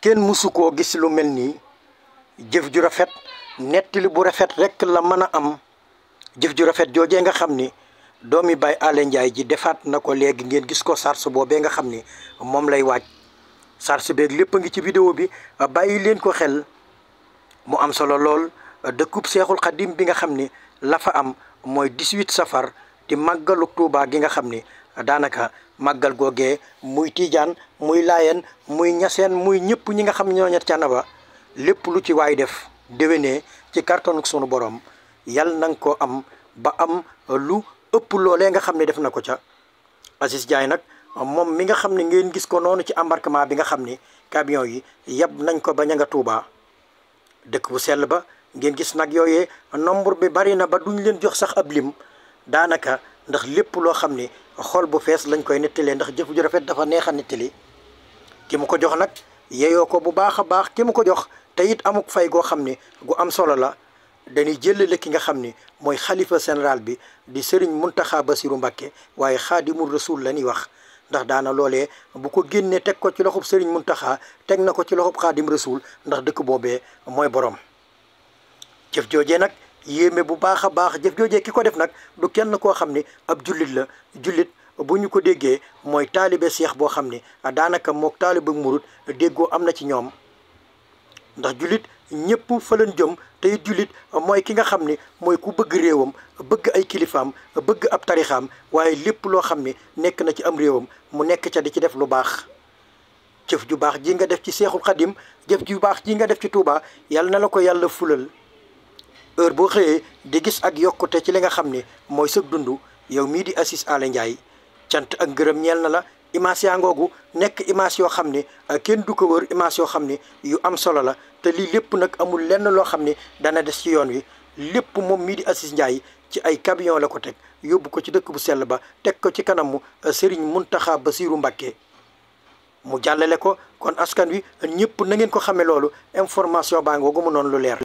kenn mësu koo gis lu mel nii jëf ju rafet nettili bu rafet rek la mën a am jëf ju rafet joojee nga xam ni doomi Baye Alé Ndiaye ji defaat na ko léegi ngeen gis ko sars boobee nga xam ni moom lay waaj sars beeg lépp a ngi ci vidéo bi bàyyi leen ko xel mu am solo lool dëkku dëkkub seexul xadim bi nga xam ni lafa am mooy 18 safar di màggalu Tuubaa gi nga xam ni daanaka màggal googee muy tiijaan muy laayeen muy ñaseen muy ñëpp ñi nga xam ñoo ñet ca na ba lépp lu ci waay def déwénee ci carton sunu borom yal na ko am ba am lu ëpp loole nga xam ne def na ko ca Aziz Diagne nag moom mi nga xam ne ngeen gis ko noonu ci embarquement bi nga xam ni camion yi yeb nañ ko ba ña nga Tuubaa dëkk bu sell ba ngeen gis nag yooyee nombre bi bari na ba duñ leen jox sax ab lim daanaka ndax lépp loo xam ni xool bu fees lañ koy nettalee ndax jëfu ju rafet dafa neex a nettali mu ko jox nag yeyoo ko bu baax a baax ki ko jox te it amuk fay goo xam ne gu am solo la dañuy jëlale ki nga xam ni mooy xalifa général bi di Serigne Mountakha Bassirou Mbacké waaye xaadimul rasul la ñuy wax ndax daana loole bu ko génnee teg ko ci loxob Serigne Mountakha teg na ko ci loxob xaadim rasul ndax dëkk boobee mooy boroom jëf joojee nag yéeme bu baax a baax jëf joojee ki ko def nag du kenn koo xam ni ab jullit la jullit bu ñu ko déggee mooy taalibe seex boo xam ni daanaka mook taalibe murut déggoo am na ci ñoom ndax jullit ñëpp fa leen te it jullit mooy ki nga xam ni mooy ku bëgg réewam bëgg ay kilifaam bëgg ab tarixaam waaye lépp loo xam ni nekk na ci am réewam mu nekk ca di ci def lu baax jëf ju baax ji nga def ci seexul xadim jëf ju baax ji nga def ci Touba yàlla na la ko yàlla fulal heure boo xëyee di gis ak yokkute ci li nga xam ne mooy sëg dundu yow mii di Aziz Aly Ndiaye cant ak ngërëm ñeel na la image ngoogu nekk image yoo xam ne euh, kenn du ko wër image yoo xam ne yu am solo la te lii lépp nag amul lenn loo xam ne dana des ci yoon wi lépp moom mii di Aziz Ndiaye ci ay camion la ko teg yóbbu ko ci dëkk bu sell ba teg ko ci kanamu euh, Serigne Mountakha Bassirou Mbacké mu jàllale ko kon askan wi ñëpp na ngeen ko xamee loolu information baa ngoogu mu noonu lu leer